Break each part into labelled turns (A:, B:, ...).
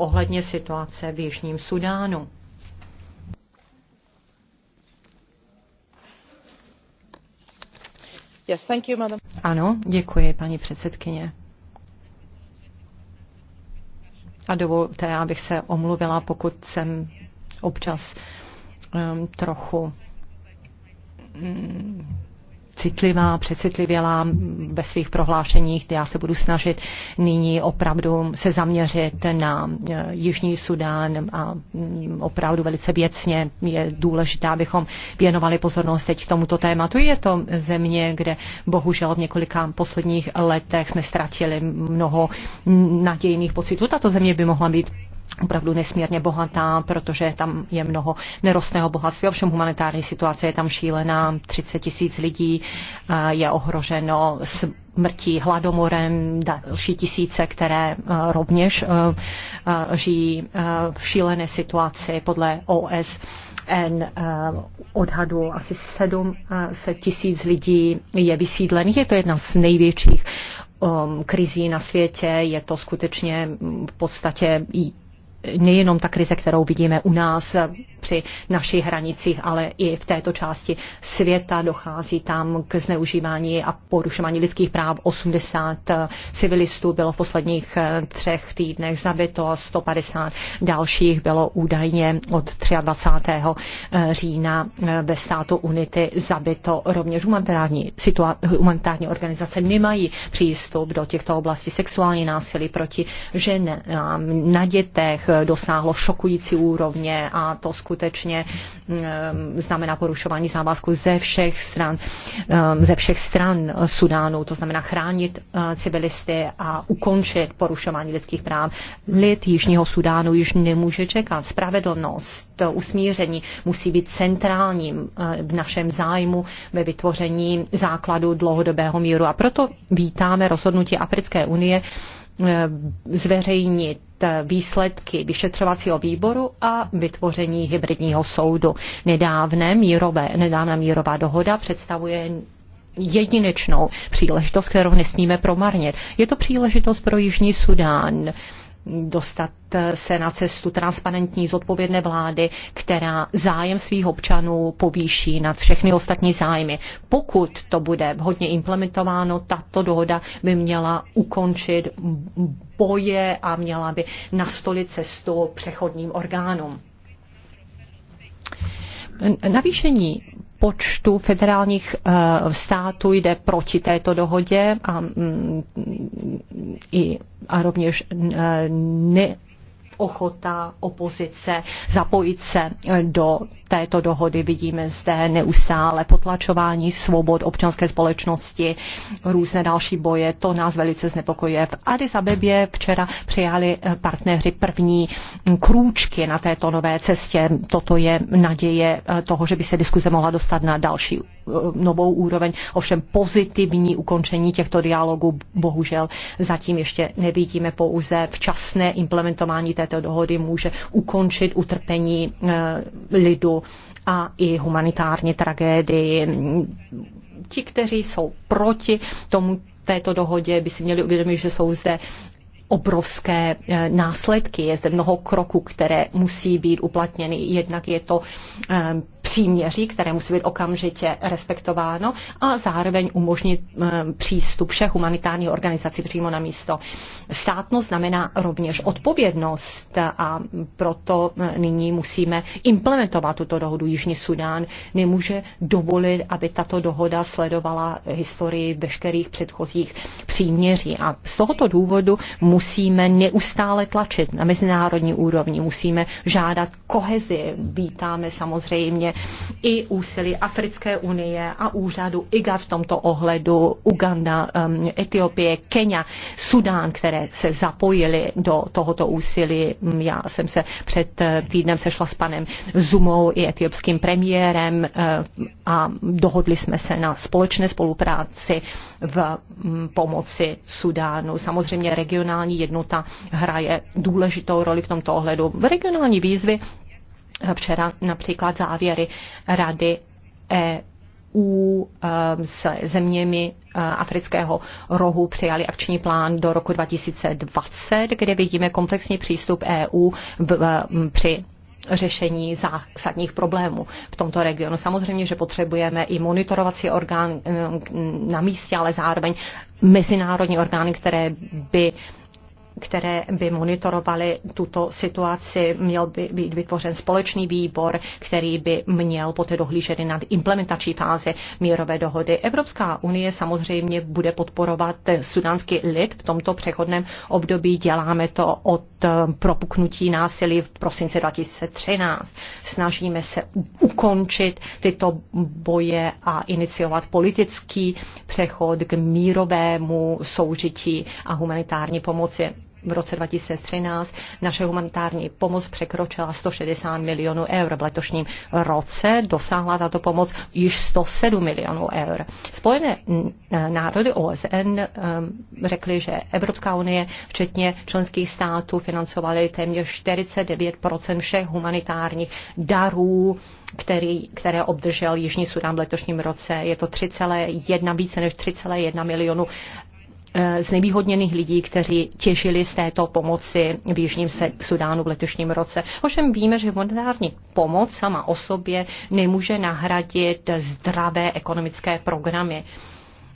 A: ohledně situace v Jižním Sudánu. Yes, thank you, madam. Ano, děkuji, paní předsedkyně. A dovolte, abych se omluvila, pokud jsem občas um, trochu um, citlivá, přecitlivělá ve svých prohlášeních. Já se budu snažit nyní opravdu se zaměřit na eh, Jižní Sudán a mm, opravdu velice věcně je důležité, abychom věnovali pozornost teď tomuto tématu. Je to země, kde bohužel v několika posledních letech jsme ztratili mnoho nadějných pocitů. Tato země by mohla být opravdu nesmírně bohatá, protože tam je mnoho nerostného bohatství. Ovšem humanitární situace je tam šílená, 30 tisíc lidí eh, je ohroženo smrtí hladomorem, další tisíce, které eh, rovněž eh, žijí v šílené situaci podle O.S.N. uh, odhadu asi 700 tisíc lidí je vysídlených. Je to jedna z největších krizí na světě. Je to skutečně mm, v podstatě nejenom ta krize, kterou vidíme u nás při našich hranicích, ale i v této části světa dochází tam k zneužívání a porušování lidských práv. 80 civilistů bylo v posledních eh, třech týdnech zabito a 150 dalších bylo údajně od 23. Eh, října eh, ve státu Unity zabito. Rovněž humanitární, situa- humanitární organizace nemají přístup do těchto oblastí sexuální násilí proti ženám, na dětech, dosáhlo šokující úrovně a to skutečně mm, znamená porušování závazku ze všech stran, mm, ze všech stran Sudánu, to znamená chránit eh, civilisty a ukončit porušování lidských práv. Lid Jižního Sudánu již nemůže čekat. Spravedlnost, usmíření musí být centrálním eh, v našem zájmu ve vytvoření základu dlouhodobého míru. A proto vítáme rozhodnutí Africké unie Eh, zveřejnit eh, výsledky vyšetřovacího výboru a vytvoření hybridního soudu. Nedávné mírové, nedávná mírová dohoda představuje jedinečnou příležitost, kterou nesmíme promarnit. Je to příležitost pro Jižní Sudán dostat se na cestu transparentní zodpovědné vlády, která zájem svých občanů povýší nad všechny ostatní zájmy. Pokud to bude vhodně implementováno, tato dohoda by měla ukončit boje a měla by nastolit cestu přechodním orgánům. Navýšení počtu federálních eh, států jde proti této dohodě a, mm, i, a rovněž eh, ne ochota opozice zapojit se eh, do této dohody. Vidíme zde neustále potlačování svobod občanské společnosti, různé další boje. To nás velice znepokojuje. V Addis Abebě včera přijali eh, partneři první mm, krůčky na této nové cestě. Toto je naděje eh, toho, že by se diskuze mohla dostat na další eh, novou úroveň. Ovšem pozitivní ukončení těchto dialogů bohužel zatím ještě nevidíme pouze včasné implementování této dohody může ukončit utrpení lidu a i humanitární tragédii. Ti, kteří jsou proti tomu této dohodě, by si měli uvědomit, že jsou zde obrovské eh, následky. Je zde mnoho kroků, které musí být uplatněny. Jednak je to eh, příměří, které musí být okamžitě respektováno a zároveň umožnit eh, přístup všech humanitárních organizací přímo na místo. Státnost znamená rovněž odpovědnost a proto eh, nyní musíme implementovat tuto dohodu. Jižní Sudán nemůže dovolit, aby tato dohoda sledovala historii veškerých předchozích příměří. A z tohoto důvodu musíme neustále tlačit na mezinárodní úrovni, musíme žádat kohezi. Vítáme samozřejmě i úsilí Africké unie a úřadu IGA v tomto ohledu, Uganda, um, Etiopie, Kenya, Sudán, které se zapojily do tohoto úsilí. Já jsem se před eh, týdnem sešla s panem Zumou i etiopským premiérem eh, a dohodli jsme se na společné spolupráci v mm, pomoci Sudánu. Samozřejmě regionální jednota hraje důležitou roli v tomto ohledu. Regionální výzvy včera například závěry Rady EU eh, s zeměmi eh, afrického rohu přijali akční plán do roku 2020, kde vidíme komplexní přístup EU v, při řešení zásadních problémů v tomto regionu. Samozřejmě, že potřebujeme i monitorovací orgán eh, na místě, ale zároveň mezinárodní orgány, které by které by monitorovaly tuto situaci. Měl by být vytvořen společný výbor, který by měl poté dohlížet i nad implementační fáze mírové dohody. Evropská unie samozřejmě bude podporovat sudánský lid v tomto přechodném období. Děláme to od eh, propuknutí násilí v prosinci 2013. Snažíme se ukončit tyto boje a iniciovat politický přechod k mírovému soužití a humanitární pomoci v roce 2013 naše humanitární pomoc překročila 160 milionů eur. V letošním roce dosáhla tato pomoc již 107 milionů eur. Spojené národy OSN řekly, že Evropská unie, včetně členských států, financovaly téměř 49 všech humanitárních darů, který, které obdržel Jižní Sudán v letošním roce. Je to 3,1, více než 3,1 milionu Eh, z znevýhodněných lidí, kteří těžili z této pomoci v Jižním Sudánu v letošním roce. Ovšem víme, že humanitární pomoc sama o sobě nemůže nahradit zdravé ekonomické programy.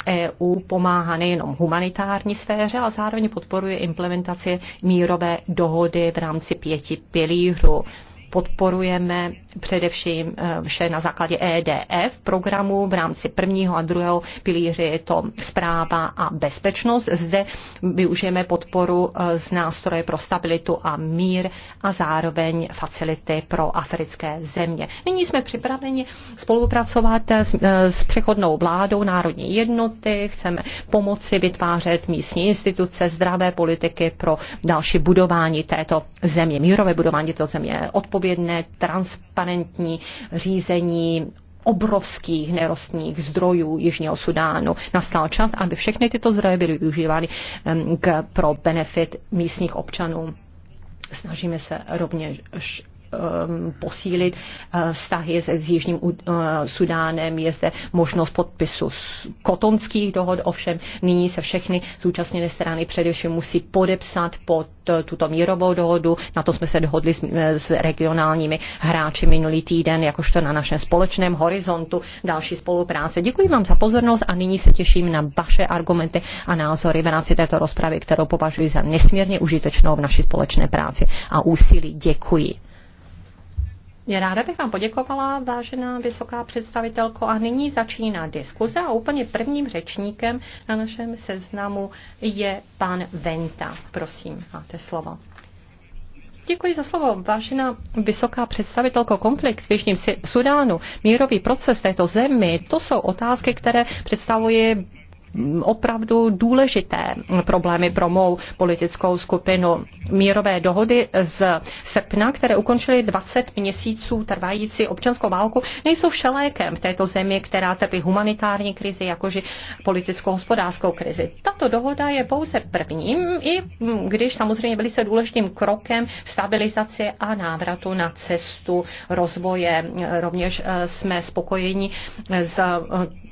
A: EU pomáhá nejenom humanitární sféře, ale zároveň podporuje implementaci mírové dohody v rámci pěti pilířů. Podporujeme především eh, vše na základě EDF programu v rámci prvního a druhého pilíře je to zpráva a bezpečnost. Zde využijeme podporu eh, z nástroje pro stabilitu a mír a zároveň facility pro africké země. Nyní jsme připraveni spolupracovat eh, s, s přechodnou vládou Národní jednoty, chceme pomoci vytvářet místní instituce, zdravé politiky pro další budování této země, mírové budování této země, odpovědné, transparentní transparentní řízení obrovských nerostních zdrojů Jižního Sudánu. Nastal čas, aby všechny tyto zdroje byly využívány k, pro benefit místních občanů. Snažíme se rovněž Um, posílit uh, vztahy se, s Jižním uh, Sudánem. Je zde možnost podpisu kotonských dohod, ovšem nyní se všechny zúčastněné strany především musí podepsat pod uh, tuto mírovou dohodu. Na to jsme se dohodli s, s regionálními hráči minulý týden, jakožto na našem společném horizontu další spolupráce. Děkuji vám za pozornost a nyní se těším na vaše argumenty a názory v rámci této rozpravy, kterou považuji za nesmírně užitečnou v naší společné práci a úsilí. Děkuji. Já Ráda bych vám poděkovala, vážená vysoká představitelko. A nyní začíná diskuze a úplně prvním řečníkem na našem seznamu je pan Venta. Prosím, máte slovo. Děkuji za slovo. Vážená vysoká představitelko, konflikt v Jižním Sudánu, mírový proces této zemi, to jsou otázky, které představují opravdu důležité problémy pro mou politickou skupinu. Mírové dohody z srpna, které ukončily 20 měsíců trvající občanskou válku, nejsou všelékem v této zemi, která trpí humanitární krizi, jakože politickou hospodářskou krizi. Tato dohoda je pouze prvním, i když samozřejmě se důležitým krokem stabilizace a návratu na cestu rozvoje. Rovněž eh, jsme spokojeni s eh,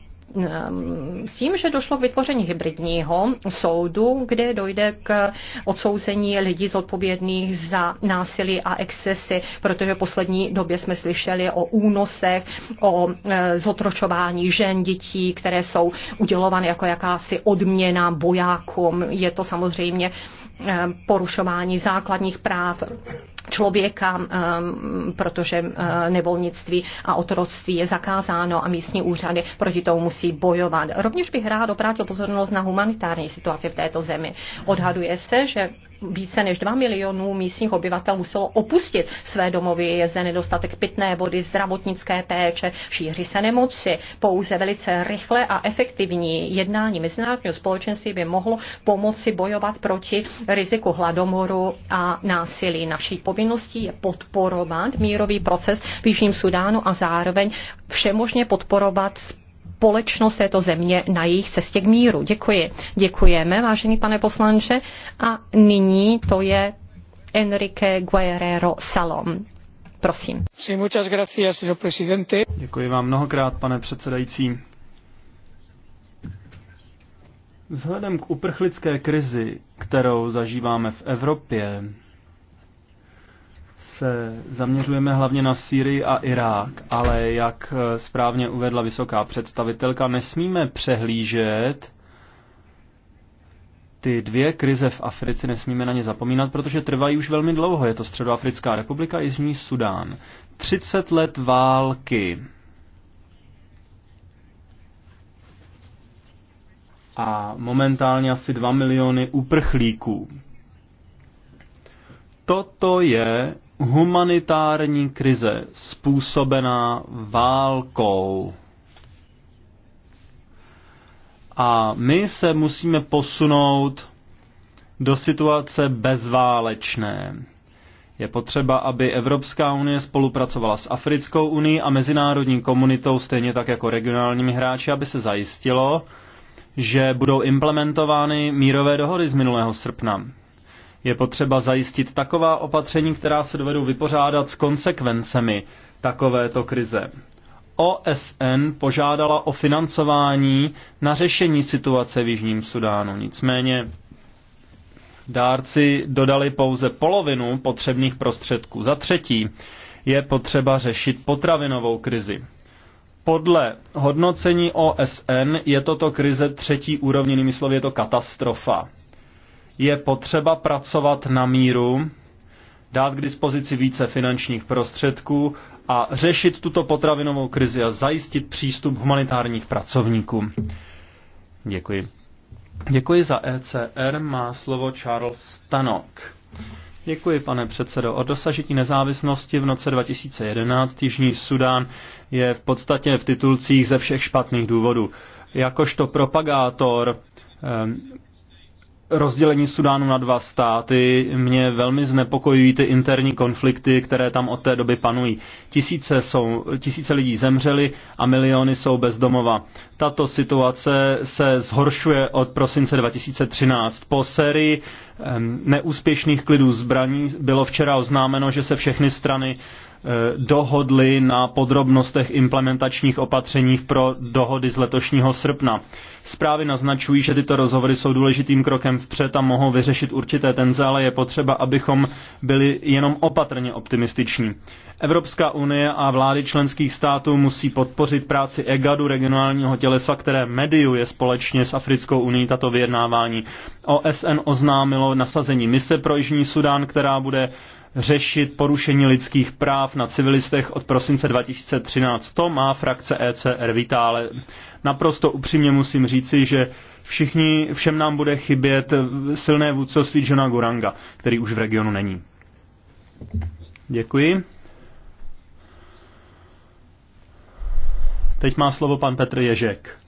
A: s tím, že došlo k vytvoření hybridního soudu, kde dojde k odsouzení lidí zodpovědných za násilí a excesy, protože v poslední době jsme slyšeli o únosech, o e, zotročování žen, dětí, které jsou udělovány jako jakási odměna bojákům. Je to samozřejmě e, porušování základních práv člověka, um, protože uh, nevolnictví a otroctví je zakázáno a místní úřady proti tomu musí bojovat. Rovněž bych rád obrátil pozornost na humanitární situaci v této zemi. Odhaduje se, že více než 2 milionů místních obyvatel muselo opustit své domovy. Je zde nedostatek pitné vody, zdravotnické péče, šíří se nemoci. Pouze velice rychle a efektivní jednání mezinárodního společenství by mohlo pomoci bojovat proti riziku hladomoru a násilí. Naší povinností je podporovat mírový proces v Jižním Sudánu a zároveň všemožně podporovat společnost této země na jejich cestě k míru. Děkuji. Děkujeme, vážený pane poslanče. A nyní to je Enrique Guerrero Salom. Prosím.
B: Sí, muchas gracias, señor presidente. Děkuji vám mnohokrát, pane předsedající. Vzhledem k uprchlické krizi, kterou zažíváme v Evropě, se zaměřujeme hlavně na Sýrii a Irák, ale jak eh, správně uvedla vysoká představitelka, nesmíme přehlížet ty dvě krize v Africe, nesmíme na ně zapomínat, protože trvají už velmi dlouho. Je to Středoafrická republika Jižní Sudán. 30 let války. A momentálně asi 2 miliony uprchlíků toto je humanitární krize způsobená válkou. A my se musíme posunout do situace bezválečné. Je potřeba, aby Evropská unie spolupracovala s Africkou unii a mezinárodní komunitou, stejně tak jako regionálními hráči, aby se zajistilo, že budou implementovány mírové dohody z minulého srpna. Je potřeba zajistit taková opatření, která se dovedou vypořádat s konsekvencemi takovéto krize. OSN požádala o financování na řešení situace v Jižním Sudánu. Nicméně dárci dodali pouze polovinu potřebných prostředků. Za třetí je potřeba řešit potravinovou krizi. Podle hodnocení OSN je toto krize třetí úrovně, jinými slovy je to katastrofa je potřeba pracovat na míru, dát k dispozici více finančních prostředků a řešit tuto potravinovou krizi a zajistit přístup humanitárních pracovníků. Děkuji. Děkuji za ECR. Má slovo Charles Stanok. Děkuji, pane předsedo. O dosažití nezávislosti v noci 2011 Jižní Sudán je v podstatě v titulcích ze všech špatných důvodů. Jakožto propagátor rozdělení Sudánu na dva státy. Mě velmi znepokojují ty interní konflikty, které tam od té doby panují. Tisíce, jsou, tisíce lidí zemřeli a miliony jsou bezdomova. Tato situace se zhoršuje od prosince 2013. Po sérii neúspěšných klidů zbraní bylo včera oznámeno, že se všechny strany Eh, dohodli na podrobnostech implementačních opatřeních pro dohody z letošního srpna. Zprávy naznačují, že tyto rozhovory jsou důležitým krokem vpřed a mohou vyřešit určité tenze, ale je potřeba, abychom byli jenom opatrně optimističní. Evropská unie a vlády členských států musí podpořit práci EGADu regionálního tělesa, které mediuje společně s Africkou unii tato vyjednávání. OSN oznámilo nasazení mise pro Jižní Sudán, která bude řešit porušení lidských práv na civilistech od prosince 2013. To má frakce ECR Vitále. Naprosto upřímně musím říci, že všichni, všem nám bude chybět silné vůdcovství Johna Goranga, který už v regionu není. Děkuji. Teď má slovo pan Petr Ježek.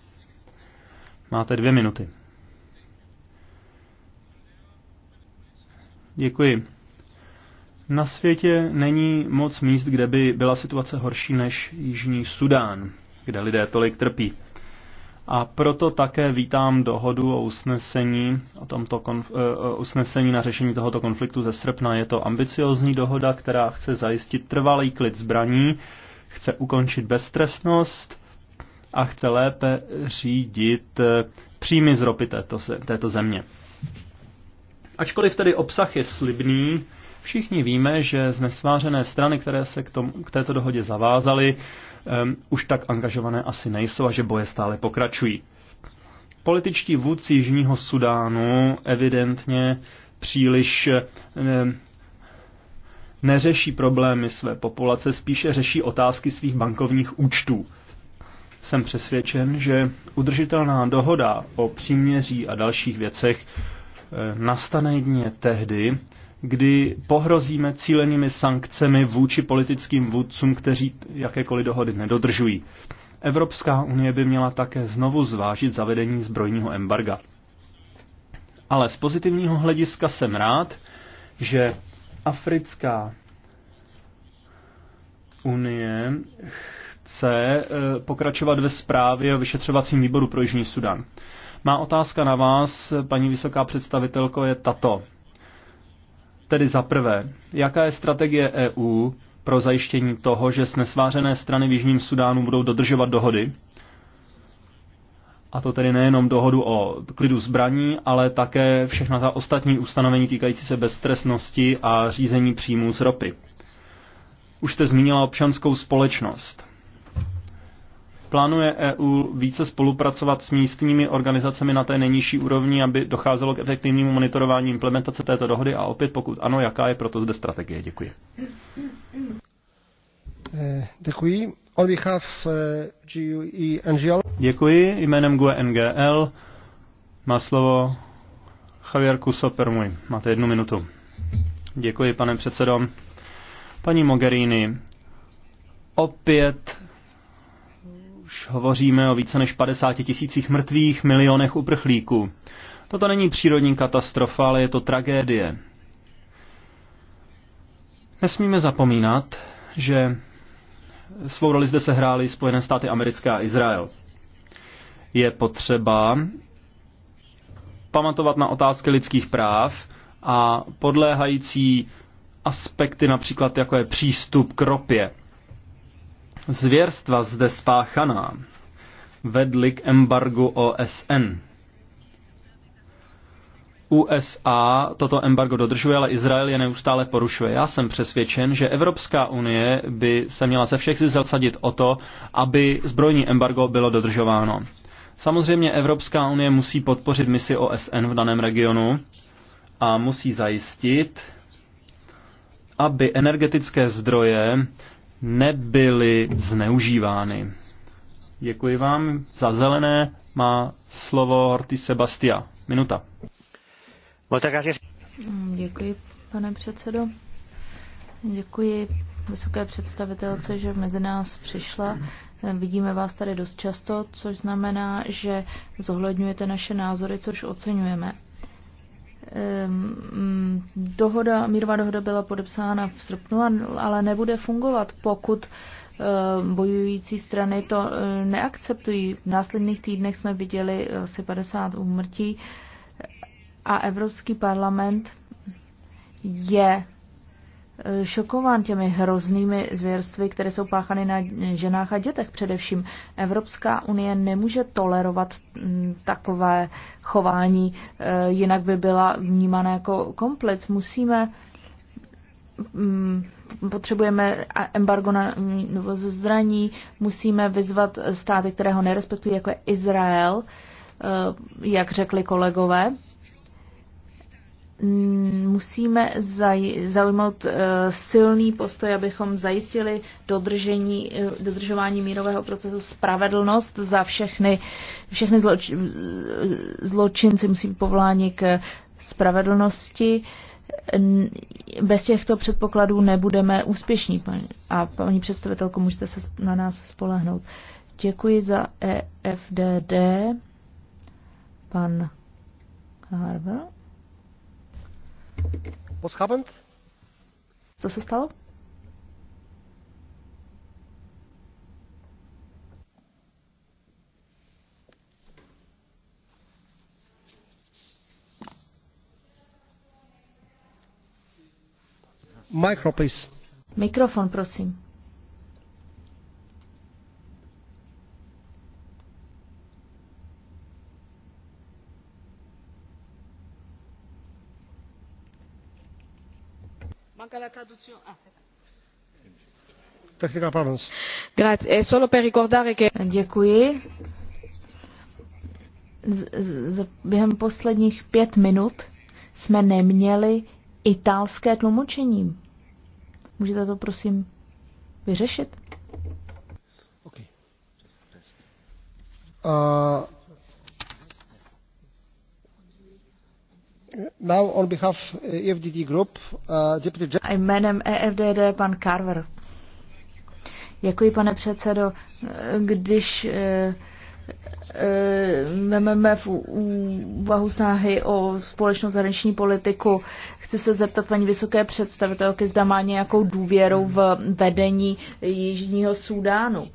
B: Máte dvě minuty. Děkuji. Na světě není moc míst, kde by byla situace horší než Jižní Sudán, kde lidé tolik trpí. A proto také vítám dohodu o usnesení, o tomto konf- eh, o usnesení na řešení tohoto konfliktu ze srpna. Je to ambiciozní dohoda, která chce zajistit trvalý klid zbraní, chce ukončit beztrestnost a chce lépe řídit eh, příjmy z ropy této, této země. Ačkoliv tedy obsah je slibný, Všichni víme, že z nesvářené strany, které se k, tomu, k této dohodě zavázaly, um, už tak angažované asi nejsou a že boje stále pokračují. Političtí vůdci Jižního Sudánu evidentně příliš um, neřeší problémy své populace, spíše řeší otázky svých bankovních účtů. Jsem přesvědčen, že udržitelná dohoda o příměří a dalších věcech nastane jedině tehdy, kdy pohrozíme cílenými sankcemi vůči politickým vůdcům, kteří jakékoliv dohody nedodržují. Evropská unie by měla také znovu zvážit zavedení zbrojního embarga. Ale z pozitivního hlediska jsem rád, že Africká unie chce eh, pokračovat ve zprávě o vyšetřovacím výboru pro Jižní Sudan. Má otázka na vás, paní vysoká představitelko, je tato. Tedy za prvé, jaká je strategie EU pro zajištění toho, že snesvářené strany v Jižním Sudánu budou dodržovat dohody? A to tedy nejenom dohodu o klidu zbraní, ale také všechna ta ostatní ustanovení týkající se beztrestnosti a řízení příjmů z ropy. Už jste zmínila občanskou společnost. Plánuje EU více spolupracovat s místními organizacemi na té nejnižší úrovni, aby docházelo k efektivnímu monitorování implementace této dohody? A opět, pokud ano, jaká je proto zde strategie? Děkuji. Eh, děkuji. On behalf eh, GUE NGL. Děkuji. Jménem GUE NGL má slovo Javier Kuso Permuj. Máte jednu minutu. Děkuji, pane předsedo. Paní Mogherini, opět už hovoříme o více než 50 tisících mrtvých, milionech uprchlíků. Toto není přírodní katastrofa, ale je to tragédie. Nesmíme zapomínat, že svou roli zde sehrály Spojené státy americké a Izrael. Je potřeba pamatovat na otázky lidských práv a podléhající aspekty, například jako je přístup k ropě zvěrstva zde spáchaná vedly k embargu OSN. USA toto embargo dodržuje, ale Izrael je neustále porušuje. Já jsem přesvědčen, že Evropská unie by se měla ze všech sil zasadit o to, aby zbrojní embargo bylo dodržováno. Samozřejmě Evropská unie musí podpořit misi OSN v daném regionu a musí zajistit, aby energetické zdroje nebyly zneužívány. Děkuji vám. Za zelené má slovo Horty Sebastia. Minuta.
C: Děkuji, pane předsedo. Děkuji vysoké představitelce, že mezi nás přišla. Vidíme vás tady dost často, což znamená, že zohledňujete naše názory, což oceňujeme. Ehm, Dohoda, mírová dohoda byla podepsána v srpnu, ale nebude fungovat, pokud eh, bojující strany to eh, neakceptují. V následných týdnech jsme viděli eh, asi 50 úmrtí a Evropský parlament je šokován těmi hroznými zvěrstvy, které jsou páchany na ženách a dětech především. Evropská unie nemůže tolerovat mm, takové chování, e, jinak by byla vnímána jako komplec. Musíme mm, potřebujeme embargo na zdraní, musíme vyzvat státy, které ho nerespektují, jako je Izrael, e, jak řekli kolegové, Mm, musíme zaj- zaujmout uh, silný postoj, abychom zajistili dodržení, uh, dodržování mírového procesu spravedlnost za všechny, všechny zloč- eh, zločinci musí být povoláni k spravedlnosti. Bez těchto předpokladů nebudeme úspěšní. Paní. A paní představitelko, můžete se na nás spolehnout. Děkuji za EFDD. Pan Harvard. What's happened? Co se stalo?
A: Micro, please.
C: Mikrofon, prosím. Ah, e solo per ricordare che... Děkuji. Z, z, během posledních pět minut jsme neměli italské tlumočení. Můžete to prosím vyřešit? Okay.
B: Uh,
C: Now on behalf EFDD eh, e Group, uh, Deputy... Jménem EFDD pan Carver. Děkuji, pane předsedo. Když eh, vezmeme v úvahu snahy o společnou zahraniční politiku. Chci se zeptat paní vysoké představitelky, zda má nějakou důvěru v vedení Jižního Súdánu.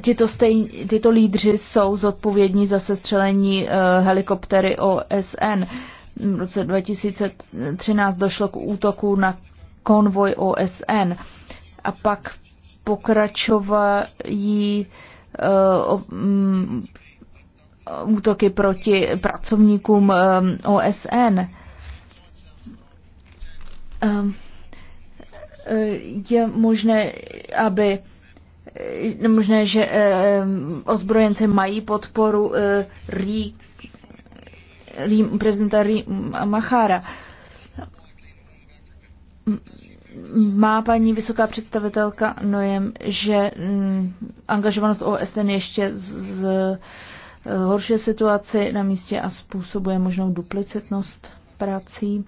C: Tyto, stejn, tyto lídři jsou zodpovědní za sestřelení helikoptery OSN. V roce 2013 došlo k útoku na konvoj OSN a pak pokračovají uh, útoky proti pracovníkům um, OSN. Um, je možné, aby eh, možné, že eh, ozbrojenci mají podporu RIK prezidenta Machara. Má paní vysoká představitelka Nojem, že mm, angažovanost OSN ještě z, horší situaci na místě a způsobuje možnou duplicitnost prací.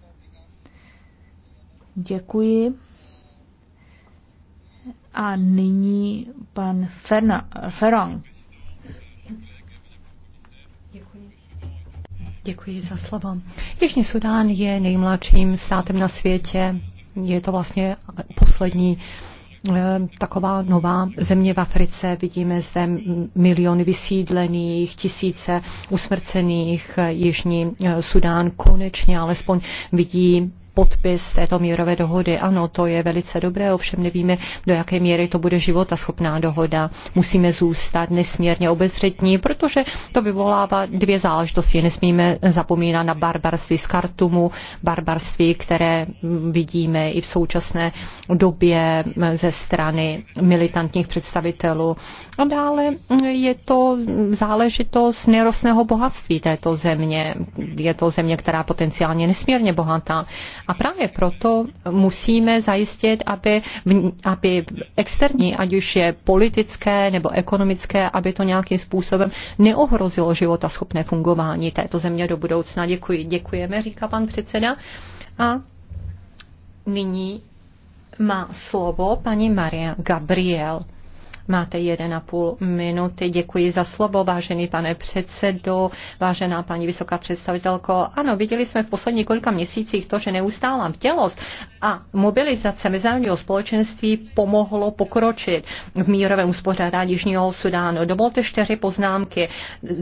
C: Děkuji. A nyní pan Ferna, Ferang. Děkuji za
A: slovo. Jižní Sudán je nejmladším státem na světě. Je to vlastně poslední eh, taková nová země v Africe. Vidíme zde miliony vysídlených, tisíce usmrcených. Jižní eh, Sudán konečně alespoň vidí podpis této mírové dohody. Ano, to je velice dobré, ovšem nevíme, do jaké míry to bude života schopná dohoda. Musíme zůstat nesmírně obezřetní, protože to vyvolává dvě záležitosti. Nesmíme zapomínat na barbarství z Kartumu, barbarství, které vidíme i v současné době ze strany militantních představitelů. A dále je to záležitost nerostného bohatství této země. Je to země, která potenciálně nesmírně bohatá a právě proto musíme zajistit, aby, aby externí, ať už je politické nebo ekonomické, aby to nějakým způsobem neohrozilo život a schopné fungování této země do budoucna. Děkuji. Děkujeme, říká pan předseda. A nyní má slovo paní Maria Gabriel. Máte 1,5 minuty. Děkuji za slovo, vážený pane předsedo, vážená paní vysoká představitelko. Ano, viděli jsme v posledních několika měsících to, že neustálá bdělost a mobilizace mezinárodního společenství pomohlo pokročit v mírovém uspořádání Jižního Sudánu. Dovolte čtyři poznámky.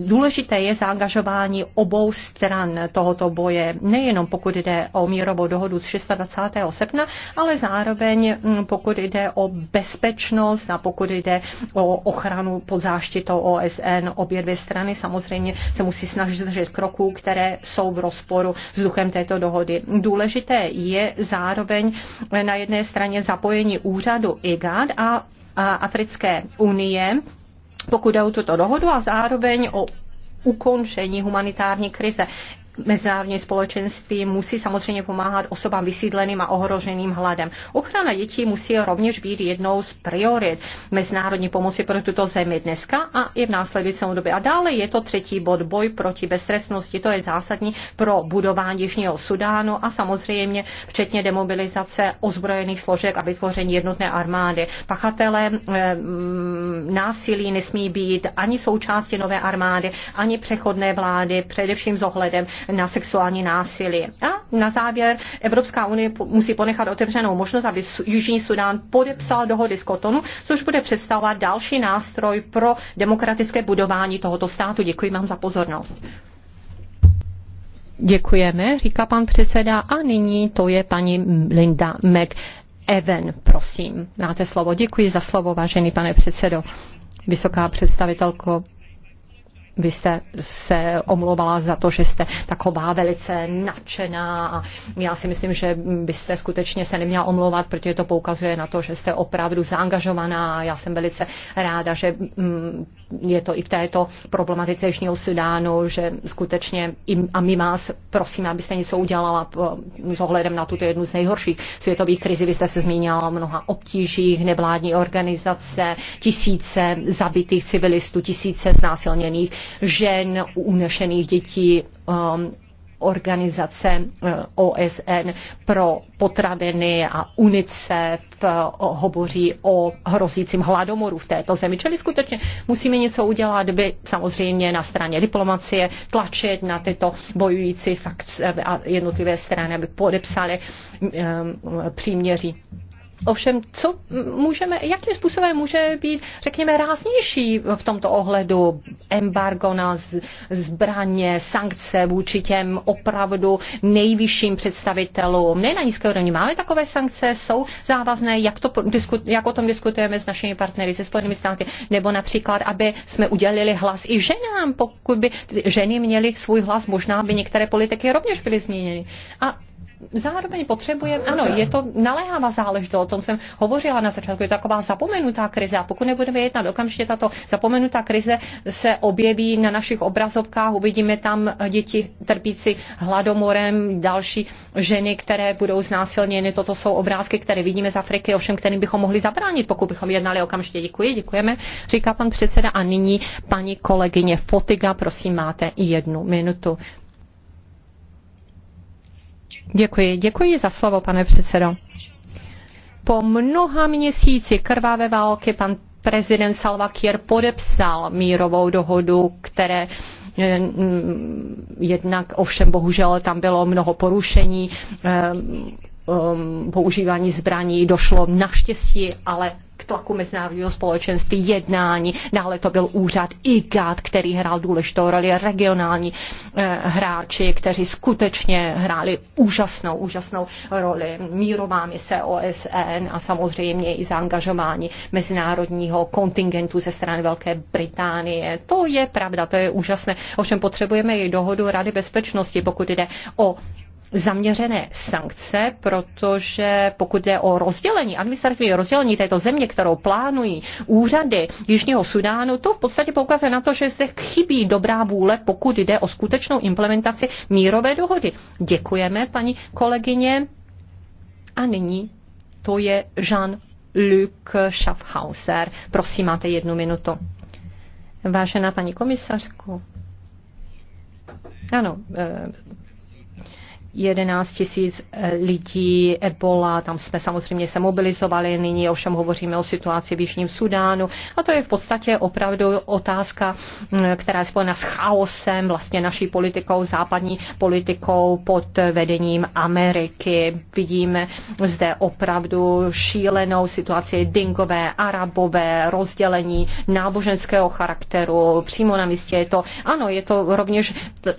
A: Důležité je zaangažování obou stran tohoto boje, nejenom pokud jde o mírovou dohodu z 26. srpna, ale zároveň mm, pokud jde o bezpečnost a pokud jde jde o ochranu pod záštitou OSN. Obě dvě strany samozřejmě se musí snažit držet kroků, které jsou v rozporu s duchem této dohody. Důležité je zároveň na jedné straně zapojení úřadu IGAD a Africké unie, pokud jde o tuto dohodu a zároveň o ukončení humanitární krize mezinárodní společenství musí samozřejmě pomáhat osobám vysídleným a ohroženým hladem. Ochrana dětí musí rovněž být jednou z priorit mezinárodní pomoci pro tuto zemi dneska a i v následujícím době. A dále je to třetí bod boj proti beztrestnosti. To je zásadní pro budování Jižního Sudánu a samozřejmě včetně demobilizace ozbrojených složek a vytvoření jednotné armády. Pachatele eh, mm, násilí nesmí být ani součástí nové armády, ani přechodné vlády, především s ohledem na sexuální násilí. A na závěr Evropská unie musí ponechat otevřenou možnost, aby Jižní Sudán podepsal dohody s Kotonu, což bude představovat další nástroj pro demokratické budování tohoto státu. Děkuji vám za pozornost. Děkujeme, říká pan předseda. A nyní to je paní Linda McEwen, prosím. Máte slovo. Děkuji za slovo, vážený pane předsedo. Vysoká představitelko, vy jste se omlouvala za to, že jste taková velice nadšená a já si myslím, že byste skutečně se neměla omlouvat, protože to poukazuje na to, že jste opravdu zaangažovaná a já jsem velice ráda, že mm, je to i v této problematice Jižního Sudánu, že skutečně a my vás prosím, abyste něco udělala eh, s ohledem na tuto jednu z nejhorších světových krizi. Vy jste se zmínila o mnoha obtížích, nevládní organizace, tisíce zabitých civilistů, tisíce znásilněných žen, unešených dětí, um, organizace eh, OSN pro potraviny a UNICEF eh, hovoří o hrozícím hladomoru v této zemi. Čili skutečně musíme něco udělat, by samozřejmě na straně diplomacie tlačit na tyto bojující fakt a jednotlivé strany, aby podepsali eh, příměří. Ovšem, co můžeme, jakým způsobem může být, řekněme, ráznější v tomto ohledu embargo na zbraně, sankce vůči těm opravdu nejvyšším představitelům, ne na nízké úrovni. Máme takové sankce, jsou závazné, jak, to, jak o tom diskutujeme s našimi partnery se Spojenými státy, nebo například, aby jsme udělili hlas i ženám, pokud by ženy měly svůj hlas, možná by některé politiky rovněž byly změněny. A zároveň potřebujeme, ano, je to naléhavá záležitost, o tom jsem hovořila na začátku, je to taková zapomenutá krize a pokud nebudeme jednat okamžitě, tato zapomenutá krize se objeví na našich obrazovkách, uvidíme tam děti trpící hladomorem, další ženy, které budou znásilněny, toto jsou obrázky, které vidíme z Afriky, ovšem kterým bychom mohli zabránit, pokud bychom jednali okamžitě. Děkuji, děkujeme, říká pan předseda a nyní paní kolegyně Fotiga, prosím, máte jednu minutu. Děkuji, děkuji za slovo, pane předsedo. Po mnoha měsíci krvavé války pan prezident Salva Kiir podepsal mírovou dohodu, které eh, mm, jednak ovšem bohužel tam bylo mnoho porušení, eh, mm, používání zbraní došlo naštěstí, ale tlaku mezinárodního společenství, jednání. Dále to byl úřad IGAT, který hrál důležitou roli, regionální eh, hráči, kteří skutečně hráli úžasnou, úžasnou roli. Mírová mise OSN a samozřejmě i zaangažování mezinárodního kontingentu ze strany Velké Británie. To je pravda, to je úžasné. Ovšem potřebujeme i dohodu Rady bezpečnosti, pokud jde o zaměřené sankce, protože pokud jde o rozdělení, administrativní rozdělení této země, kterou plánují úřady Jižního Sudánu, to v podstatě poukazuje na to, že zde chybí dobrá vůle, pokud jde o skutečnou implementaci mírové dohody. Děkujeme, paní kolegyně. A nyní to je Jean-Luc Schaffhauser. Prosím, máte jednu minutu. Vážená paní komisařko, ano, eh, 11 tisíc eh, lidí, ebola, tam jsme samozřejmě se mobilizovali, nyní ovšem hovoříme o situaci v Jižním Sudánu a to je v podstatě opravdu otázka, mm, která je spojena s chaosem, vlastně naší politikou, západní politikou pod vedením Ameriky. Vidíme zde opravdu šílenou situaci dingové, arabové, rozdělení náboženského charakteru, přímo na místě je to, ano, je to rovněž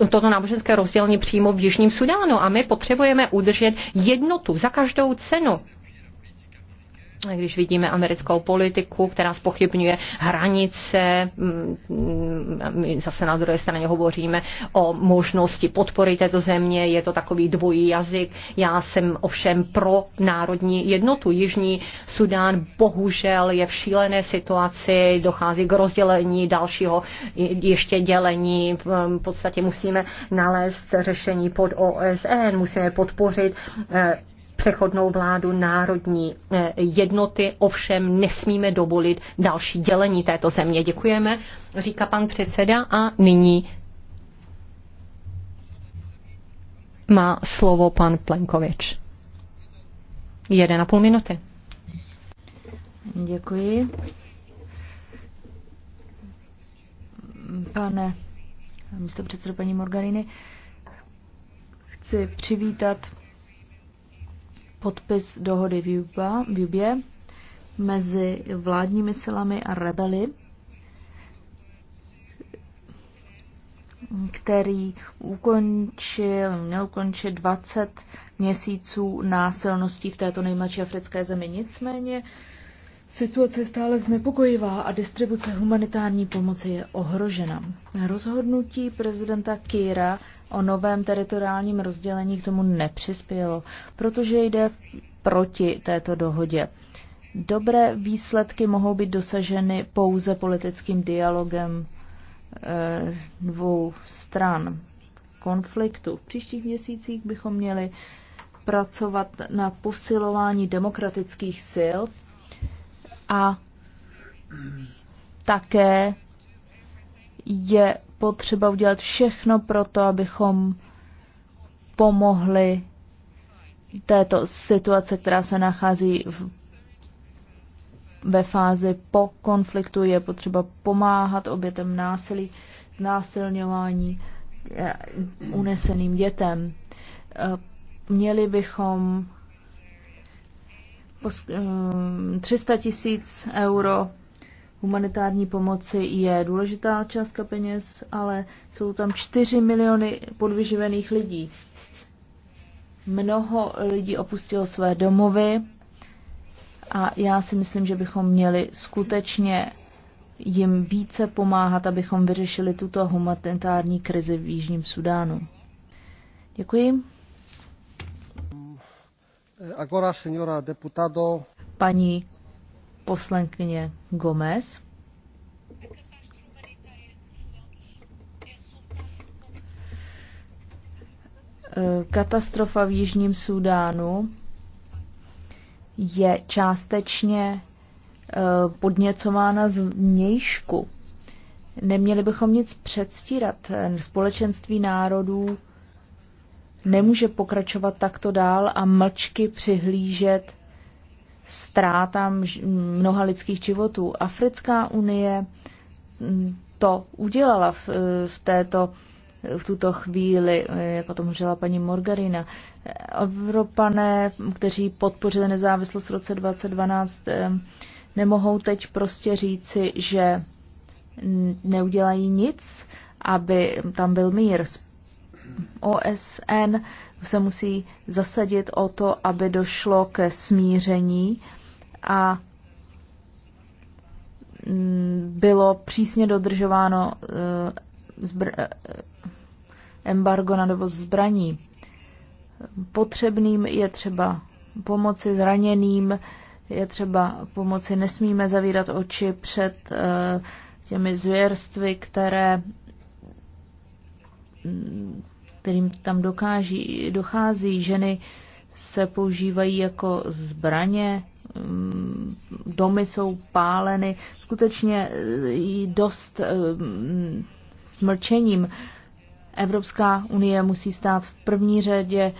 A: toto náboženské rozdělení přímo v Jižním Sudánu a my potřebujeme udržet jednotu za každou cenu když vidíme americkou politiku, která spochybňuje hranice, my mm, mm, zase na druhé straně hovoříme o možnosti podpory této země, je to takový dvojí jazyk. Já jsem ovšem pro národní jednotu. Jižní Sudán bohužel je v šílené situaci, dochází k rozdělení dalšího ještě dělení. V podstatě musíme nalézt řešení pod OSN, musíme podpořit eh, přechodnou vládu národní eh, jednoty, ovšem nesmíme dovolit další dělení této země. Děkujeme, říká pan předseda a nyní má slovo pan Plenkovič. Jeden a půl minuty.
C: Děkuji. Pane místo předsedo paní Morgariny, chci přivítat podpis dohody v, Juba, v Jubě mezi vládními silami a rebeli, který ukončil, měl ukončit 20 měsíců násilností v této nejmladší africké zemi. Nicméně Situace je stále znepokojivá a distribuce humanitární pomoci je ohrožena. Rozhodnutí prezidenta Kýra o novém teritoriálním rozdělení k tomu nepřispělo, protože jde proti této dohodě. Dobré výsledky mohou být dosaženy pouze politickým dialogem eh, dvou stran konfliktu. V příštích měsících bychom měli pracovat na posilování demokratických sil a také je potřeba udělat všechno pro to, abychom pomohli této situace, která se nachází v, ve fázi po konfliktu. Je potřeba pomáhat obětem násilí, znásilňování eh, uneseným dětem. Eh, měli bychom 300 ehm, tisíc euro humanitární pomoci je důležitá částka peněz, ale jsou tam 4 miliony podvyživených lidí. Mnoho lidí opustilo své domovy a já si myslím, že bychom měli skutečně jim více pomáhat, abychom vyřešili tuto humanitární krizi v Jižním Sudánu. Děkuji.
B: Agora, senora deputado.
C: Paní poslankyně Gomez. Katastrofa v Jižním Súdánu je částečně eh, podněcována z vnějšku. Neměli bychom nic předstírat. Společenství národů nemůže pokračovat takto dál a mlčky přihlížet ztrátám mnoha lidských životů. Africká unie mm, to udělala v, eh, v této v tuto chvíli, eh, jako to tom říkala paní Morgarina. Evropané, kteří podpořili nezávislost v roce 2012, eh, nemohou teď prostě říci, že neudělají nic, aby tam byl mír. OSN se musí zasadit o to, aby došlo ke smíření a mm, bylo přísně dodržováno eh, eh, embargo na dovoz zbraní. Potřebným je třeba pomoci zraněným, je třeba pomoci, nesmíme zavírat oči před eh, těmi zvěrstvy, které mm, kterým tam dokáží, dochází. Ženy se používají jako zbraně, mm, domy jsou páleny, skutečně eh, dost eh, mm, smlčením. Evropská unie musí stát v první řadě eh,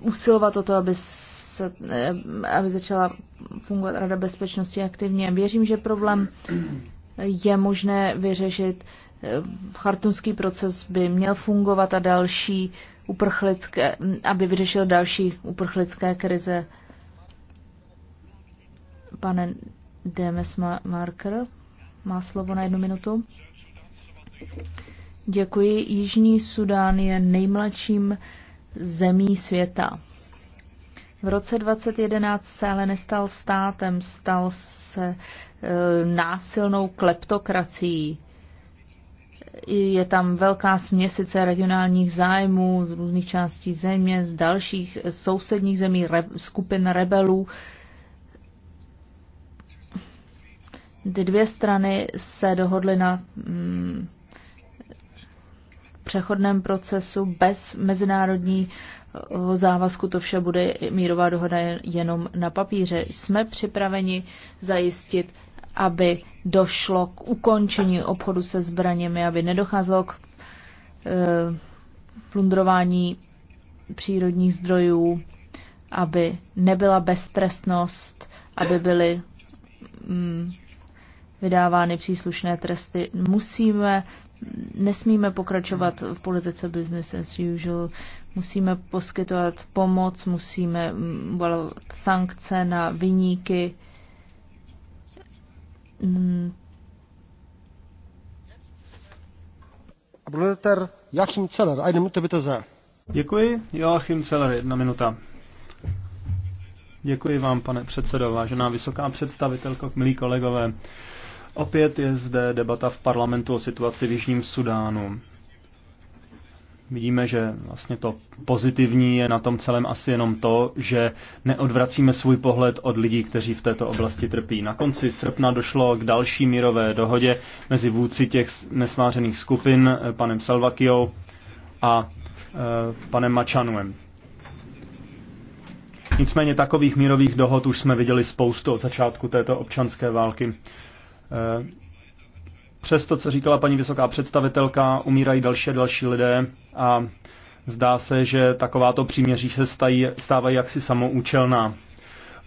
C: usilovat o to, aby, se, aby začala fungovat Rada bezpečnosti aktivně. Věřím, že problém je možné vyřešit chartunský proces by měl fungovat a další uprchlické, aby vyřešil další uprchlické krize. Pane DMS Marker má slovo na jednu minutu. Děkuji. Jižní Sudán je nejmladším zemí světa. V roce 2011 se ale nestal státem, stal se e, násilnou kleptokracií. Je tam velká směsice regionálních zájmů z různých částí země, z dalších sousedních zemí, re, skupin rebelů. Ty dvě strany se dohodly na mm, přechodném procesu bez mezinárodní závazku to vše bude mírová dohoda jenom na papíře. Jsme připraveni zajistit aby došlo k ukončení obchodu se zbraněmi, aby nedocházelo k eh, plundrování přírodních zdrojů, aby nebyla beztrestnost, aby byly mm, vydávány příslušné tresty. Musíme, nesmíme pokračovat v politice business as usual, musíme poskytovat pomoc, musíme mm, uvalovat sankce na vyníky, Mm.
B: Joachim Celer, eine Minute bitte sehr. Děkuji. Joachim Celer, jedna minuta. Děkuji vám, pane předsedo, vážená vysoká představitelko, milí kolegové. Opět je zde debata v parlamentu o situaci v Jižním Sudánu. Vidíme, že vlastně to pozitivní je na tom celém asi jenom to, že neodvracíme svůj pohled od lidí, kteří v této oblasti trpí. Na konci srpna došlo k další mírové dohodě mezi vůdci těch nesmářených skupin, eh, panem Salvakijou a eh, panem Mačanuem. Nicméně takových mírových dohod už jsme viděli spoustu od začátku této občanské války. Eh, přes to, co říkala paní vysoká představitelka, umírají další a další lidé a zdá se, že takováto příměří se stají, stávají jaksi samoučelná.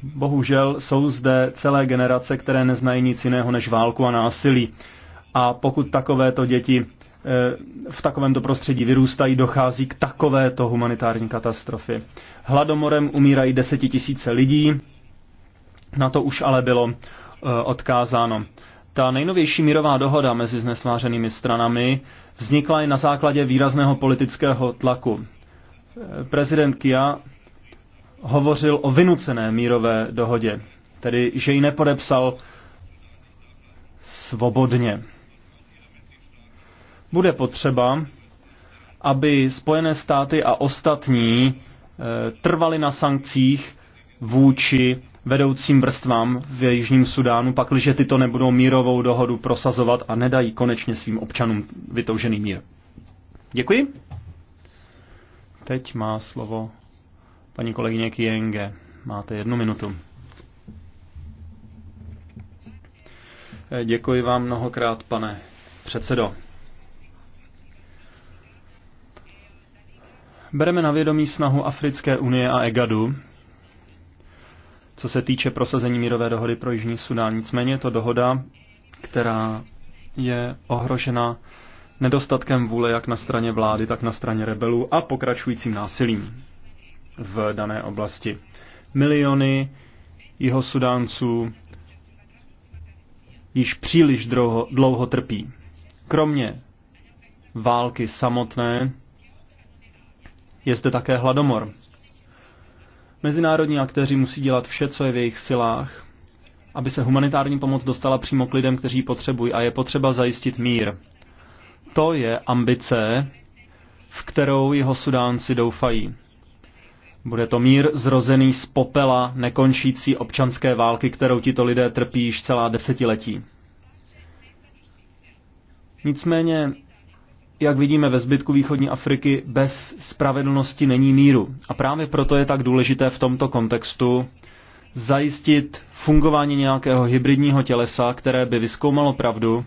B: Bohužel jsou zde celé generace, které neznají nic jiného než válku a násilí. A pokud takovéto děti eh, v takovémto prostředí vyrůstají, dochází k takovéto humanitární katastrofě. Hladomorem umírají desetitisíce lidí, na to už ale bylo eh, odkázáno. Ta nejnovější mírová dohoda mezi znesvářenými stranami vznikla i na základě výrazného politického tlaku. Prezident Kia hovořil o vynucené mírové dohodě, tedy že ji nepodepsal svobodně. Bude potřeba, aby Spojené státy a ostatní eh, trvali na sankcích vůči vedoucím vrstvám v Jižním Sudánu, pakliže tyto nebudou mírovou dohodu prosazovat a nedají konečně svým občanům vytoužený mír. Děkuji. Teď má slovo paní kolegyně Kienge. Máte jednu minutu. Děkuji vám mnohokrát, pane předsedo. Bereme na vědomí snahu Africké unie a EGADu co se týče prosazení mírové dohody pro Jižní Sudán. Nicméně je to dohoda, která je ohrožena nedostatkem vůle jak na straně vlády, tak na straně rebelů a pokračujícím násilím v dané oblasti. Miliony jeho sudánců již příliš dlouho, dlouho trpí. Kromě války samotné je zde také hladomor. Mezinárodní aktéři musí dělat vše, co je v jejich silách, aby se humanitární pomoc dostala přímo k lidem, kteří ji potřebují a je potřeba zajistit mír. To je ambice, v kterou jeho sudánci doufají. Bude to mír zrozený z popela nekončící občanské války, kterou tito lidé trpí již celá desetiletí. Nicméně jak vidíme ve zbytku východní Afriky, bez spravedlnosti není míru. A právě proto je tak důležité v tomto kontextu zajistit fungování nějakého hybridního tělesa, které by vyskoumalo pravdu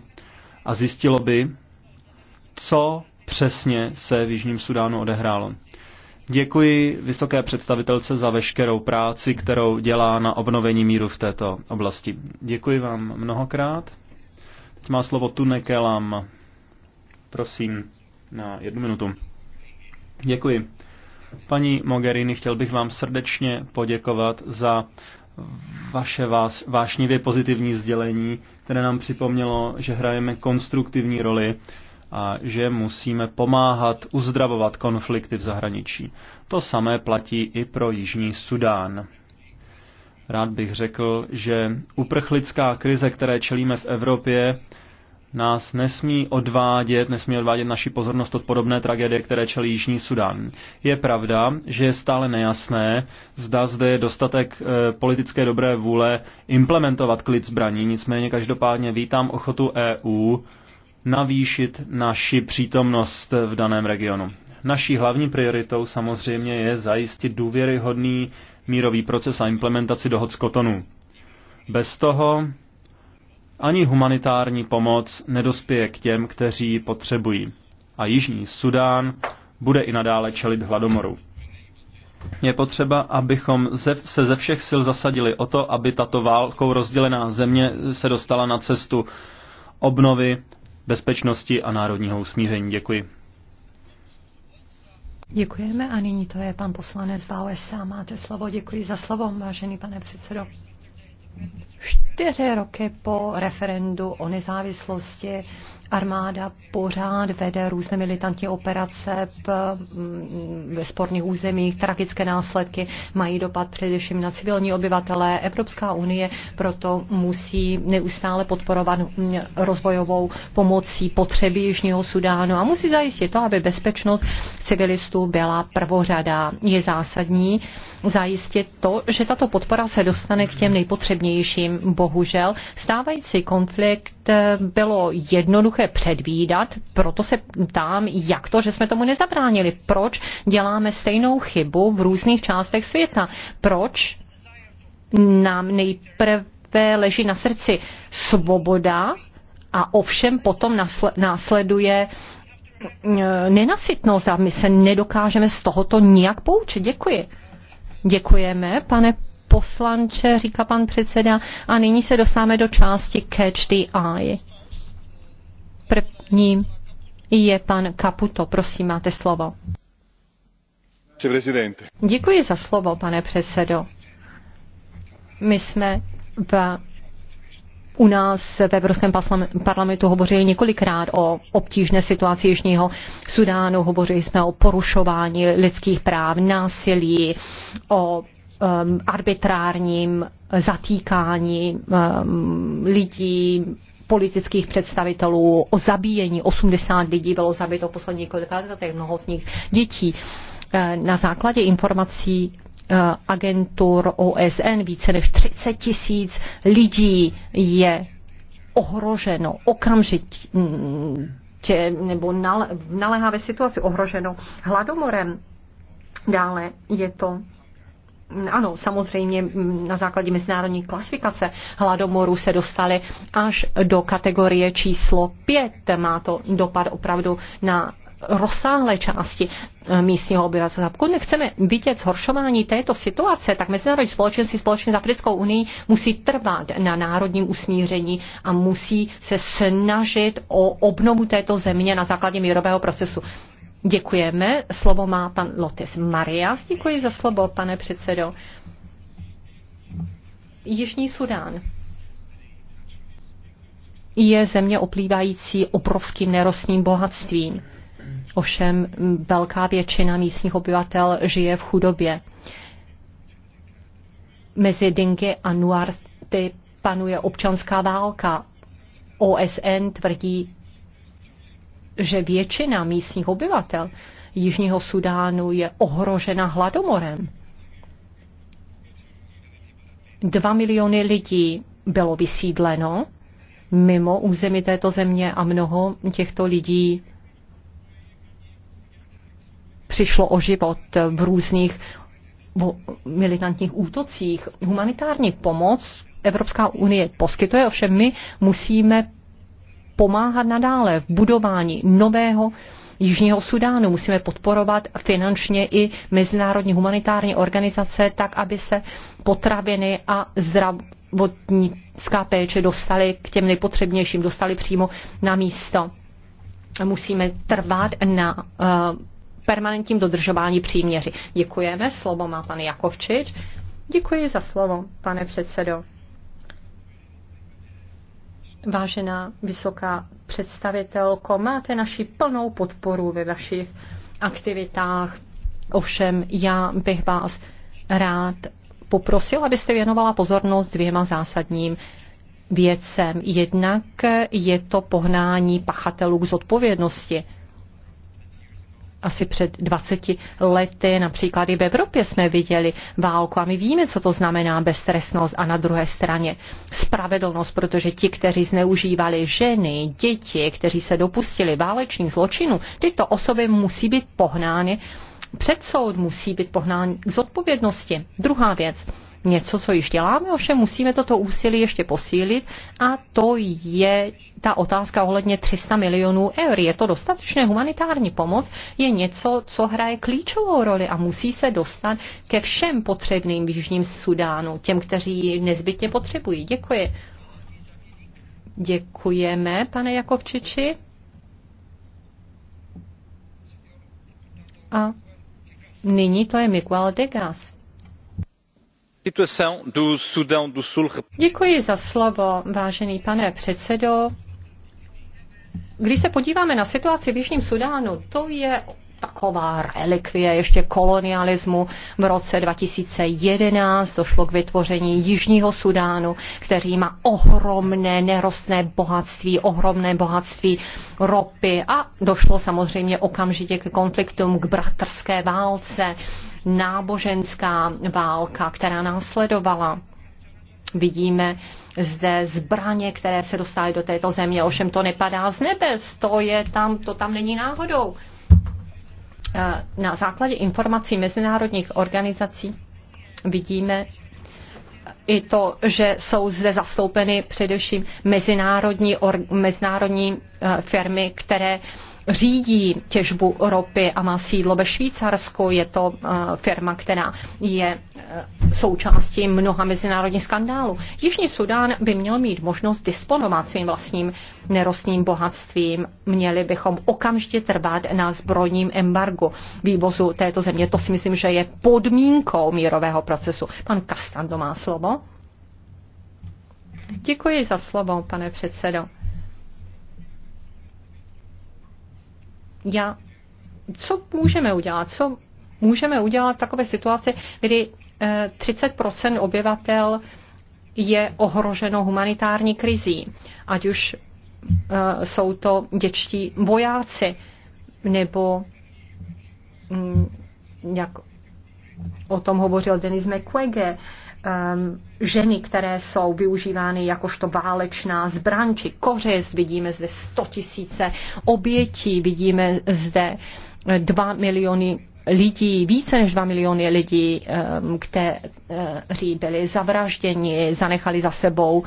B: a zjistilo by, co přesně se v Jižním Sudánu odehrálo. Děkuji vysoké představitelce za veškerou práci, kterou dělá na obnovení míru v této oblasti. Děkuji vám mnohokrát. Teď má slovo Tunekelam Prosím, na jednu minutu. Děkuji. Paní Mogherini, chtěl bych vám srdečně poděkovat za vaše vás, vášnivě pozitivní sdělení, které nám připomnělo, že hrajeme konstruktivní roli a že musíme pomáhat uzdravovat konflikty v zahraničí. To samé platí i pro Jižní Sudán. Rád bych řekl, že uprchlická krize, které čelíme v Evropě, nás nesmí odvádět, nesmí odvádět naši pozornost od podobné tragédie, které čelí Jižní Sudan. Je pravda, že je stále nejasné, zda zde je dostatek e, politické dobré vůle implementovat klid zbraní, nicméně každopádně vítám ochotu EU navýšit naši přítomnost v daném regionu. Naší hlavní prioritou samozřejmě je zajistit důvěryhodný mírový proces a implementaci dohod z Kotonu. Bez toho ani humanitární pomoc nedospěje k těm, kteří ji potřebují. A Jižní Sudán bude i nadále čelit hladomoru. Je potřeba, abychom se ze všech sil zasadili o to, aby tato válkou rozdělená země se dostala na cestu obnovy, bezpečnosti a národního usmíření. Děkuji.
A: Děkujeme a nyní to je pan poslanec Váles. Máte slovo. Děkuji za slovo, vážený pane předsedo. Čtyři roky po referendu o nezávislosti armáda pořád vede různé militantní operace v, mm, ve sporných územích. Tragické následky mají dopad především na civilní obyvatele. Evropská unie proto musí neustále podporovat mm, rozvojovou pomocí potřeby Jižního Sudánu a musí zajistit to, aby bezpečnost civilistů byla prvořada. Je zásadní zajistit to, že tato podpora se dostane k těm nejpotřebnějším. Bohužel stávající konflikt eh, bylo jednoduché jednoduché předvídat, proto se ptám, jak to, že jsme tomu nezabránili. Proč děláme stejnou chybu v různých částech světa? Proč nám nejprve leží na srdci svoboda a ovšem potom následuje mm, nenasytnost a my se nedokážeme z tohoto nijak poučit. Děkuji. Děkujeme, pane poslanče, říká pan předseda, a nyní se dostáváme do části Catch the Eye ním je pan Caputo. Prosím, máte slovo. Děkuji za slovo, pane předsedo. My jsme v u nás ve Evropském parlamentu hovořili několikrát o obtížné situaci Jižního Sudánu, hovořili jsme o porušování lidských práv, násilí, o um, arbitrárním zatýkání um, lidí, politických představitelů, o zabíjení 80 lidí bylo zabito v posledních několika letech, mnoho z nich dětí. Eh, na základě informací eh, agentur OSN více než 30 tisíc lidí je ohroženo okamžitě nebo v naléhavé situaci ohroženo hladomorem. Dále je to ano, samozřejmě mm, na základě mezinárodní klasifikace hladomoru se dostali až do kategorie číslo 5. Má to dopad opravdu na rozsáhlé části eh, místního obyvatelstva. Pokud nechceme vidět zhoršování této situace, tak mezinárodní společenství společně s Africkou unii musí trvat na národním usmíření a musí se snažit o obnovu této země na základě mírového procesu. Děkujeme. Slovo má pan Lotis Marias. Děkuji za slovo, pane předsedo. Jižní Sudán je země oplývající obrovským nerostným bohatstvím. Ovšem velká většina místních obyvatel žije v chudobě. Mezi Dingy a Nuarty panuje občanská válka. OSN tvrdí, že většina místních obyvatel Jižního Sudánu je ohrožena hladomorem. Dva miliony lidí bylo vysídleno mimo území této země a mnoho těchto lidí přišlo o život v různých militantních útocích. Humanitární pomoc Evropská unie poskytuje, ovšem my musíme pomáhat nadále v budování nového Jižního Sudánu. Musíme podporovat finančně i mezinárodní humanitární organizace, tak aby se potraviny a zdravotnická péče dostaly k těm nejpotřebnějším, dostaly přímo na místo. Musíme trvat na uh, permanentním dodržování příměři. Děkujeme. Slovo má pan Jakovčič. Děkuji za slovo, pane předsedo. Vážená vysoká představitelko, máte naši plnou podporu ve vašich aktivitách. Ovšem, já bych vás rád poprosil, abyste věnovala pozornost dvěma zásadním věcem. Jednak je to pohnání pachatelů k zodpovědnosti asi před 20 lety například i v Evropě jsme viděli válku a my víme, co to znamená beztrestnost a na druhé straně spravedlnost, protože ti, kteří zneužívali ženy, děti, kteří se dopustili válečných zločinů, tyto osoby musí být pohnány před soud, musí být pohnány k zodpovědnosti. Druhá věc, něco, co již děláme, ovšem musíme toto úsilí ještě posílit a to je ta otázka ohledně 300 milionů eur. Je to dostatečné humanitární pomoc? Je něco, co hraje klíčovou roli a musí se dostat ke všem potřebným v Jižním Sudánu, těm, kteří ji nezbytně potřebují. Děkuji. Děkujeme, pane Jakovčiči. A nyní to je Miguel Degas. Děkuji za slovo, vážený pane předsedo. Když se podíváme na situaci v Jižním Sudánu, to je taková relikvie ještě kolonialismu. V roce 2011 došlo k vytvoření Jižního Sudánu, který má ohromné nerostné bohatství, ohromné bohatství ropy a došlo samozřejmě okamžitě k konfliktům, k bratrské válce náboženská válka, která následovala. Vidíme zde zbraně, které se dostaly do této země, ovšem to nepadá z nebes, to, je tam, to tam není náhodou. Na základě informací mezinárodních organizací vidíme, i to, že jsou zde zastoupeny především mezinárodní, or, mezinárodní eh, firmy, které uh, řídí těžbu ropy a má sídlo ve Švýcarsku. Je to eh, firma, která je eh, součástí mnoha mezinárodních skandálů. Jižní Sudán by měl mít možnost disponovat svým vlastním nerostným bohatstvím. Měli bychom okamžitě trvat na zbrojním embargu vývozu této země. To si myslím, že je podmínkou mírového procesu. Pan Kastando má slovo. Děkuji za slovo, pane předsedo. já, co můžeme udělat? Co můžeme udělat v takové situaci, kdy 30 eh, obyvatel je ohroženo humanitární krizí, ať už eh, jsou to dětští vojáci, nebo mm, jak o tom hovořil Denis McQuagge, um, ženy, které jsou využívány jakožto válečná zbraň či kořist. Vidíme zde 100 tisíce obětí, vidíme zde 2 eh, miliony lidí, více než 2 miliony lidí, um, kteří byli zavražděni, zanechali za sebou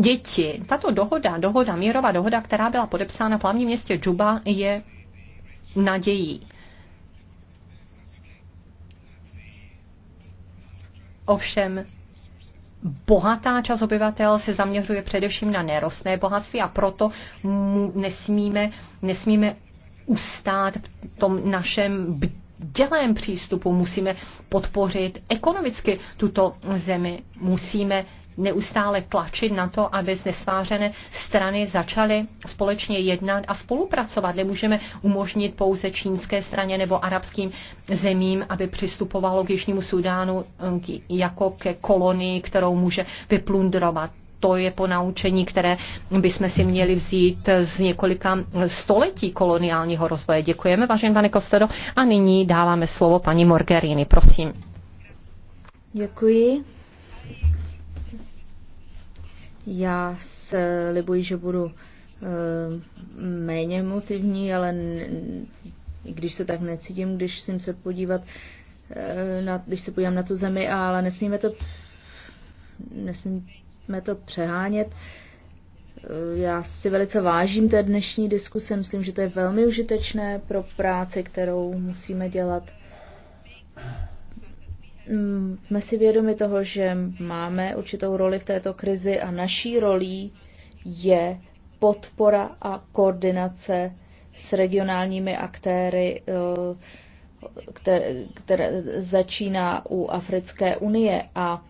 A: děti. Tato dohoda, dohoda, mírová dohoda, která byla podepsána v hlavním městě Džuba, je nadějí Ovšem bohatá část obyvatel se zaměřuje především na nerostné bohatství a proto nesmíme, nesmíme ustát v tom našem dělém přístupu. Musíme podpořit ekonomicky tuto zemi. Musíme neustále tlačit na to, aby znesvářené strany začaly společně jednat a spolupracovat. Nemůžeme umožnit pouze čínské straně nebo arabským zemím, aby přistupovalo k Jižnímu Sudánu eh, jako ke kolonii, kterou může vyplundrovat to je po naučení, které bychom si měli vzít z několika století koloniálního rozvoje. Děkujeme, vážený pane Kostedo. A nyní dáváme slovo paní Morgerini, prosím.
C: Děkuji. Já se, libuji, že budu eh, méně emotivní, ale i když se tak necítím, když jsem se podívat, eh, na, když se podívám na tu zemi, ale nesmíme to, nesmíme to přehánět. Eh, já si velice vážím té dnešní diskuse, myslím, že to je velmi užitečné pro práci, kterou musíme dělat jsme si vědomi toho, že máme určitou roli v této krizi a naší rolí je podpora a koordinace s regionálními aktéry, eh, které, které začíná u Africké unie a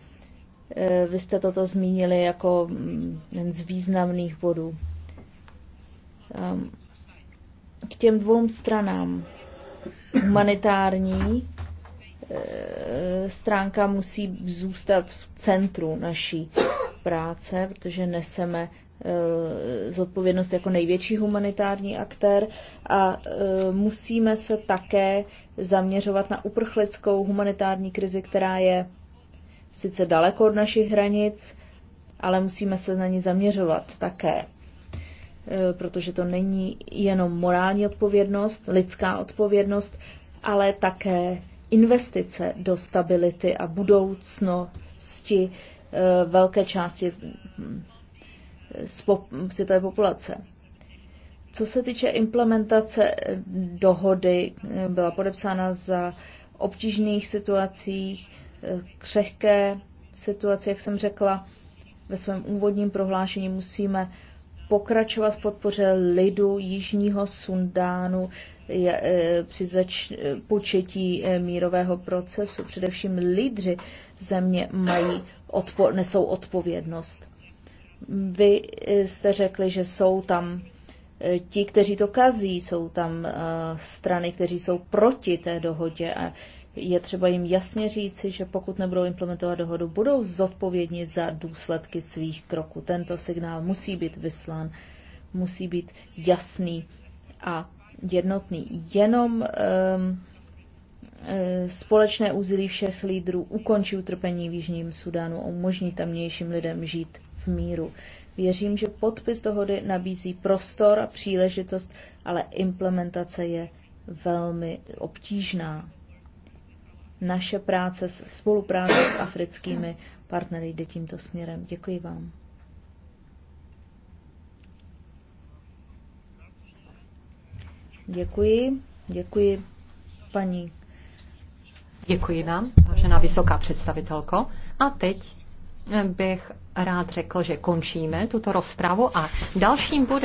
C: eh, vy jste toto zmínili jako mm, jeden z významných bodů. Ehm, k těm dvou stranám humanitární Eh, stránka musí zůstat v centru naší práce, protože neseme eh, zodpovědnost jako největší humanitární aktér a eh, musíme se také zaměřovat na uprchlickou humanitární krizi, která je sice daleko od našich hranic, ale musíme se na ní zaměřovat také, protože to není jenom morální odpovědnost, lidská odpovědnost, ale také investice do stability a budoucnosti eh, velké části hm, světové populace. Co se týče implementace eh, dohody, eh, byla podepsána za obtížných situacích, křehké situace, jak jsem řekla ve svém úvodním prohlášení, musíme pokračovat v podpoře lidu Jižního Sundánu Eh, při zač- eh, početí eh, mírového procesu. Především lídři země mají odpo- nesou odpovědnost. Vy jste řekli, že jsou tam ti, kteří to kazí, jsou tam strany, kteří jsou proti té dohodě a je třeba jim jasně říci, že pokud nebudou implementovat dohodu, budou zodpovědní za důsledky svých kroků. Tento signál musí být vyslán, musí být jasný a jednotný. Jenom um, společné úzily všech lídrů ukončí utrpení v Jižním Sudánu a umožní tamnějším lidem žít v míru. Věřím, že podpis dohody nabízí prostor a příležitost, ale implementace je velmi obtížná. Naše práce, spolupráce s africkými partnery jde tímto směrem. Děkuji vám. Děkuji. Děkuji
A: paní. Děkuji vám, vážená vysoká představitelko. A teď eh, bych rád řekl, že končíme tuto rozpravu a dalším bodem